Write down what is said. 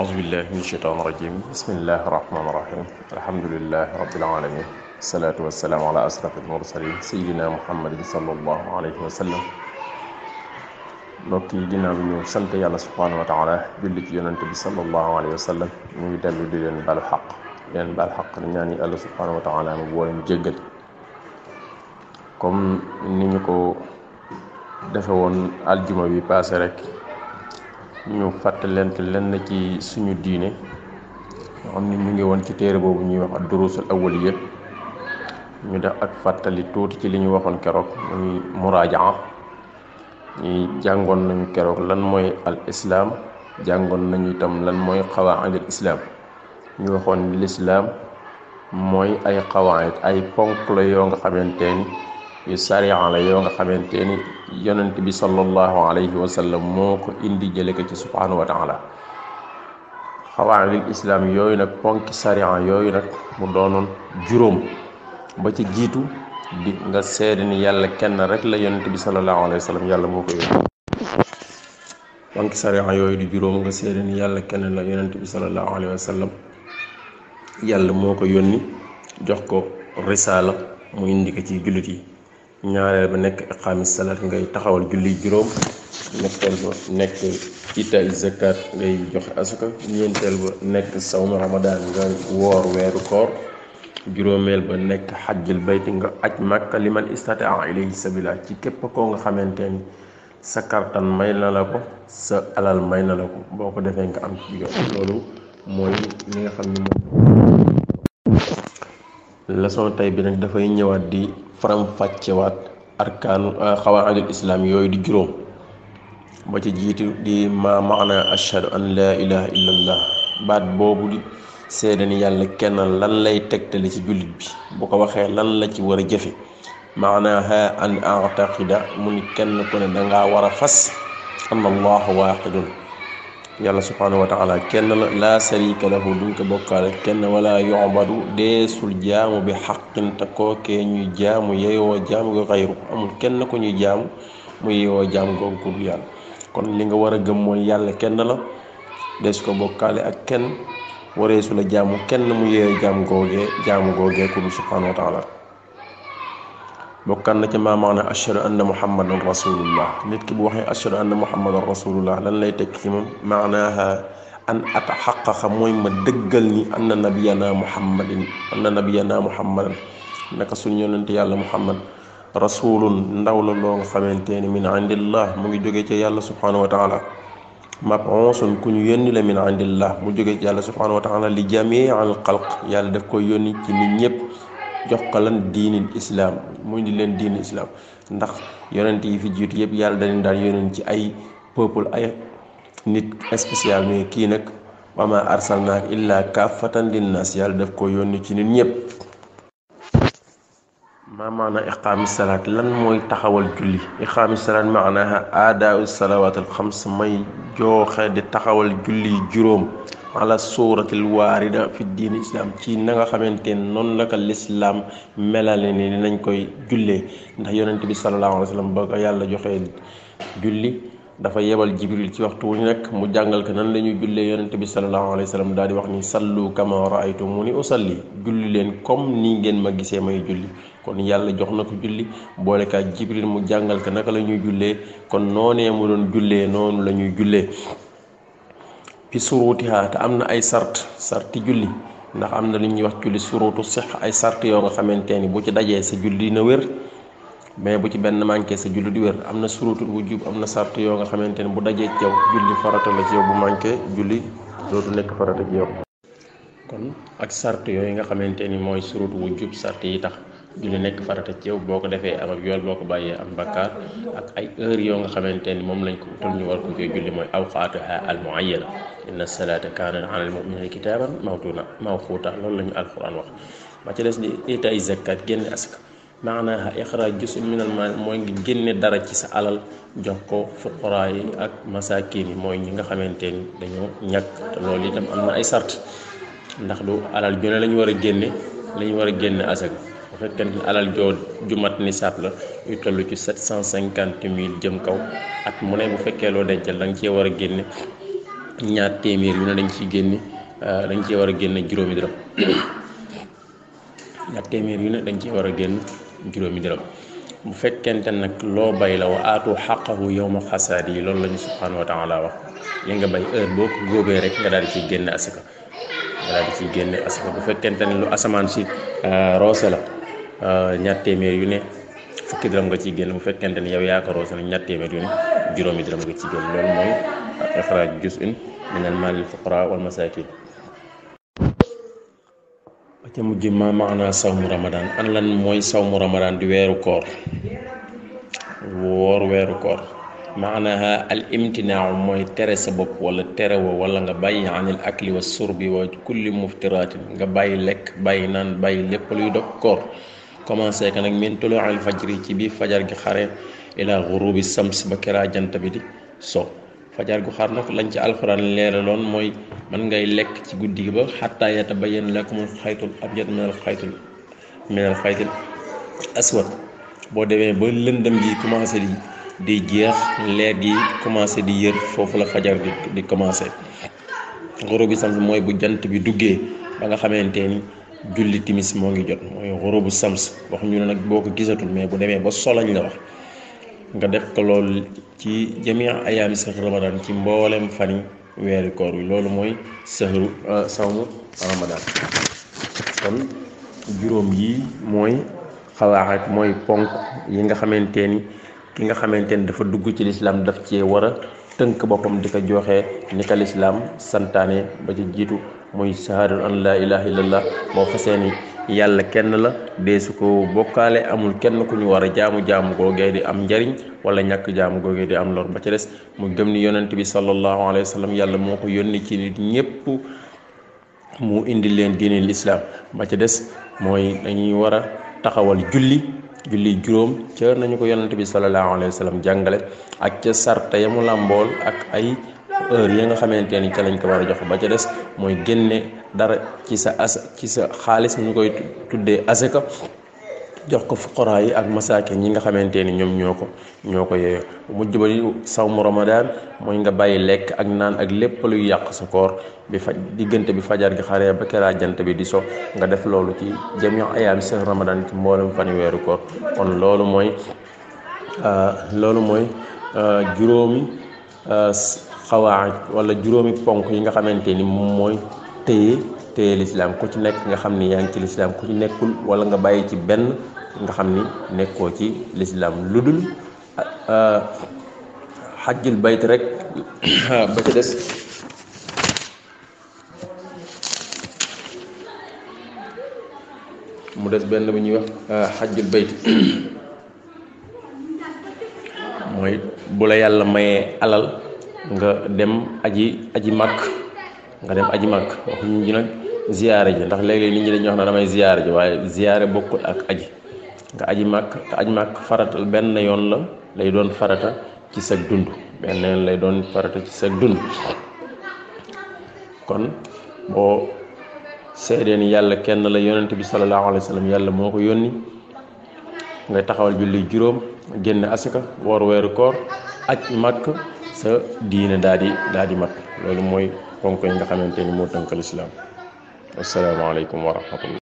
أعوذ بالله من الشيطان الرجيم بسم الله الرحمن الرحيم الحمد لله رب العالمين الصلاة والسلام على أسرف المرسلين سيدنا محمد صلى الله عليه وسلم نوكي دينا بنو سنت يالله سبحانه وتعالى جلت يوننت صلى الله عليه وسلم نوي دلو دين بالحق دين بالحق نياني الله سبحانه وتعالى نبوين جيجل كم نيكو دفعون الجمع بي باسرك ñu fàttalante lenn ci suñu diine nga xam ni ñu ngi woon ci téere boobu ñuy wax ak durusul awwaliya ñu def ak fàttali tuuti ci li ñu waxoon keroog muy muraajaa ñi jàngoon nañu keroog lan mooy al islaam jàngoon nañu itam lan mooy xawaayidul islaam ñu waxoon lislaam mooy ay xawaayid ay ponk la yoo nga xamante ni yu sariya la yoo nga xamante ni yonent bi sallallahu alayhi wa moo ko indi jële ko ci subhanahu wa taala xawaamil islaam yooyu nag ponki sariya yooyu nag mu doonoon juróom ba ci jiitu di nga seede yàlla kenn rek la yonent bi sallallahu alayhi wa yàlla moo ko yónni yooyu di juróom nga seede yàlla kenn la yonent bi sallallahu alayhi yàlla moo ko yónni jox ko risaala mu indi ko ci jullit yi ñaareel ba nekk iqaami salaat ngay taxawal julli juróom ñetteel ba nekk itaay zakat ngay joxe asuka ñeenteel ba nekk sawmu ramadaan nga woor weeru koor juróomeel ba nekk xajjul bayti nga aj màkka liman istataa sa sabila ci képp koo nga xamante ni sa kartan may na la ko sa alal may na la ko boo ko defee nga am ci loolu mooy li nga xam ni leçon tey bi nag dafay ñëwaat di faram-fàccewaat arkaanu euh, xawaidul islaam yooyu di juróom ba ci jiitu di ma maana ashhadu an laa ilaha illa baat boobu di seede yàlla kenn lan lay tegtale ci jullit bi bu ko waxee lan la ci war a jëfe maanaha an aqtaqida mu ni kenn ku ne dangaa war a fas an allahu waaqidun yàlla subhaanahu wa taala kenn la laa sariika lahu duñ ko bokkaale kenn wala yobadu deesul jaamu bi xaqin te kookee ñuy jaamu yeyoo jaamu ko xayru amul kenn ko ñuy jaamu mu yeyoo jaamu googu ko du yàlla kon li nga war a gëm mooy yàlla kenn la deesu ko bokkaale ak kenn wareesu la jaamu kenn mu yeyoo jaamu googee jaamu googee ko du subhaanahu bokkan na ci ma maana ashhadu anna muhammadan rasulullah nit ki bu waxe ashhadu anna muhammadan rasulullah lan lay tek ci mom maanaha an ataxaqaqa moy ma dëggal ni anna nabiyana muhammadin anna nabiyana muhammadan naka sun yonent yàlla muhammad rasulun ndaw la loo nga xamante ni min indillah mu ngi jóge ci yàlla subhanahu wa taala map onsun ku ñu yónni la min indillah mu jóge ci yàlla subhanahu wa taala li jamii al yàlla daf ko yónni ci nit ñëpp jox ko lan diinil islaam muy di leen diinil islaam ndax yonent yi fi jiitu yëpp yàlla dañu daan yonent ci ay peuple ay nit spécial mais kii nag wama arsalnaak illa kaafatan linnaas yàlla daf ko yónni ci nit ñëpp maa maana iqaami salaat lan mooy taxawal julli iqaami salaat maanaha aadaau salawaat al xams may jooxe di taxawal julli juróom ala suuratil waarida fi diin islam ci na nga xamante ne noonu la ko lislaam melale ni nañ koy jullee ndax yonent bi sallallahu alayhi wa sallam ba ko yàlla joxee julli dafa yebal jibril ci waxtu wu nekk mu jàngal ko nan la ñuy jullee yonent bi sallallahu alayhi wa daal di wax ni sallu kama raaytumuni usalli julli leen comme nii ngeen ma gisee may julli kon yàlla jox na ko julli boolekaat jibril mu jàngal ko naka la ñuy jullee kon noonee mu doon jullee noonu la ñuy jullee ci bi surutiha te am na ay sart sarti julli ndax am na lu ñuy wax julli surutu sex ay sart yoo nga xamante ni bu ci dajee sa julli dina wér mais bu ci benn manqué sa julli di wér am na surutul wujub am na sart yoo nga xamante ni bu dajee ci yow julli farata la ci bu manqué julli dootu nekk farata ci yow kon ak sart yooyu nga xamante ni mooy wu wujub sart yi tax julli nekk farata ci yow boo ko defee am ab yool boo ko bàyyee am bakkaar ak ay heure yoo nga xamante ni moom lañ ko utal ñu war ko cee julli mooy awqaatuha al muayyana inna salaata kaanat ala al muminina kitaaban mawtuna mawquuta loolu la ñu alquran wax ba ci des di itaay zakat génne aska maanaa ixraaj jusun minal maal mooy ngi génne dara ci sa alal jox ko fuqaraa yi ak masaakin yi mooy ñi nga xamante ni dañoo ñàkk te loolu itam am na ay sart ndax du alal jone lañu war a génne lañu war a génne asaka bu fekkente ni alal joo ju mat la yu toll ci sept cent cinquante mille jëm kaw at mu ne bu fekkee loo dencal cee war a génne ñaar téeméer yu ne dañ ciy génne euh, dañ cee war a génne juróomi dërëm ñaar téeméer yu ne dañ cee war a génn juróomi dërëm bu fekkente nag loo bay la wa aatu xaqahu yowma xasaad yi loolu la ñu subhaanahu wa taala wax li nga bay heure boo ko góobee rek nga daal di ciy génne asika nga daal di ciy génne asaka bu fekkente ne lu asamaan si euh, roose la Euh, ñaar téeméer yu ne fukki dërëm nga ci génn bu fekkente ni yow yaakaroo sa ne ñaar yu ne juróomi dërëm nga ci génn loolu mooy ixraaj jus in min al wal masakin ca lan mooy sawmu ramadan di weeru koor woor weeru koor maanaha al imtinaaw mooy tere sa bopp wala tere woo wala nga bàyyi anil akli wa surbi lekk bàyyi naan bàyyi lépp luy dog koor commencé que nag min tulu al fajri ci biir fajar gi xare ila gurubi sams ba keraa jant bi di soo fajar gu xar nag lañ ci alxuraan loon mooy mën ngay lekk ci guddi gi ba xataa yatabayyana lakumul xaytul abyad minal xaytul minal xaytul aswad boo demee ba lëndëm gi commencé di di jeex leer gi commencé di yër foofu la fajar di di commencé goro mooy bu jant bi duggee ba nga xamante ni julli timis moo ngi jot mooy xurubu sams wax ñu ne nag boo ko gisatul mais bu demee ba solañ la wax nga def ko loolu ci jamia ayaami sax ramadan ci mboolem fani weeri koor loolu mooy sahru euh, sawmu ramadan kon juróom yi mooy xawaaxat mooy ponk yi nga xamante ni ki nga xamante ni dafa dugg ci lislaam daf cee war a tënk boppam di ko joxe ni ko lislaam santaane ba ci jiitu mooy shahadatu an la ilaha illallah moo fasee ni yàlla kenn la deesu ko bokkaale amul kenn ku ñu war a jaamu jaamu googee di am njariñ wala ñàkk jaamu googee di am lor ba ca des mu gëm ni yonent bi sallallahu alayhi wa yàlla moo ko yónni ci nit ñépp mu indi leen diine lislaam ba ca des mooy dañuy war a taxawal julli julli juróom ca nañu ko yonent bi sallallahu alayhi wa jàngale ak ca sarta yamu làmbool ak ay heure yi nga xamante ni ca lañ ko war a jox ba ca des mooy génne dara ci sa as ci sa xaalis ñu koy tuddee asaka jox ko fuqaraa ak masaake ñi nga xamante ni ñoom ñoo ko ñoo ko yeyoo mujj ba saw sawmu ramadaan mooy nga bàyyi lekk ak naan ak lépp luy yàq sa koor bi fa diggante bi fajar gi xaree ba keraa jant bi di so nga def loolu ci jami ayaam seen ramadaan ci mboolem fani weeru koor kon loolu mooy euh, loolu mooy euh, juróomi euh, xawaaj wala juróomi ponk yi nga xamante ni moom mooy téye téye lislaam ku ci nekk nga xam ni yaa ngi ci lislaam ku ci nekkul wala nga bàyyi ci benn nga xam ni nekkoo ci lislaam lu dul ah, ah, xajjul bayt rek ba ca des mu des benn bu ñuy wax ah, xajjul bayt mooy bu la yàlla mayee alal nga dem aji aji màkk nga dem aji màkk waxuñu ji nag ziyaare ji ndax léeg-léeg nit ñi dañuy wax ne damay ziyaare ji waaye ziyaare bokkul ak aji nga aji màkk te aji màkk farata benn yoon la lay doon farata ci sag dund benn lay doon farata ci sag dund kon boo seedee ni yàlla kenn la yonent bi sallallahu alayhi wa yàlla moo ko yónni nga taxawal julli juróom génn asaka wor weeru koor aj màkk sa diine daal di daal di mat loolu mooy ponk yi nga xamante ni moo tënkal islaam asalaamaaleykum wa rahmatullah